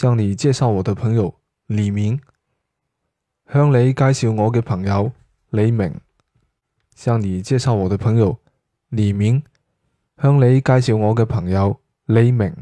向你介紹我的朋友李明，向你介紹我嘅朋友李明，向你介紹我的朋友李明，向你介紹我嘅朋友李明。